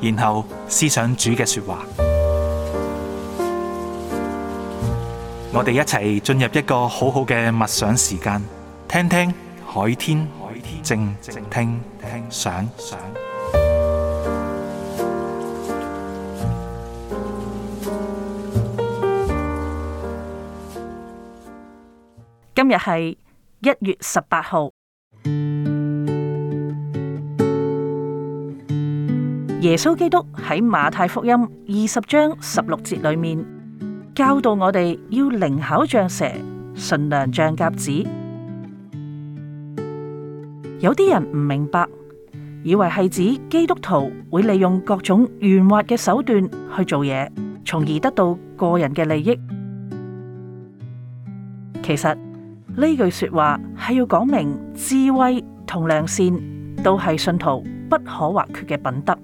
然後思想主嘅說話，我哋一齊進入一個好好嘅默想時間，聽聽海天靜聽想。今日係一月十八號。耶穌基督喺馬太福音二十章十六節裏面教導我哋要靈巧像蛇，馴良像鴿子。有啲人唔明白，以為係指基督徒會利用各種圓滑嘅手段去做嘢，從而得到個人嘅利益。其實呢句話說話係要講明智慧同良善都係信徒不可或缺嘅品德。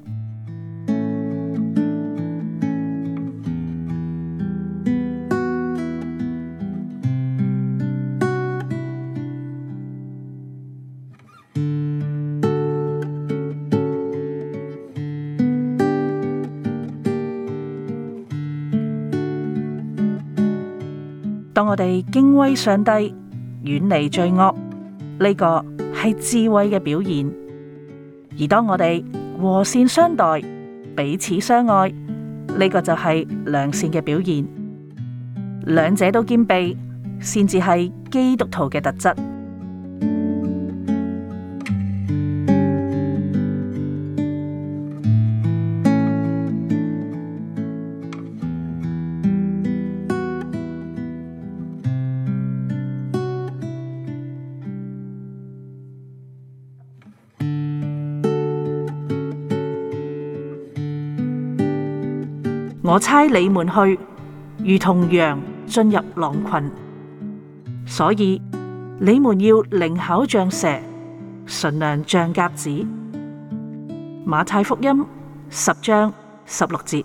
當我哋敬畏上帝，遠離罪惡，呢個係智慧嘅表現；而當我哋和善相待，彼此相愛，呢個就係良善嘅表現。兩者都兼備，先至係基督徒嘅特質。我差你們去，如同羊進入狼群，所以你們要靈巧像蛇，馴良像鴿子。馬太福音十章十六節。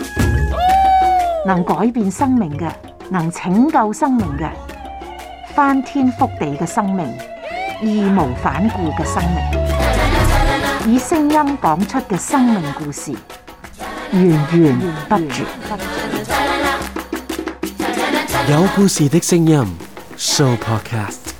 能改變生命嘅，能拯救生命嘅，翻天覆地嘅生命，義無反顧嘅生命，以聲音講出嘅生命故事，源源不絕。有故事的聲音，Show Podcast。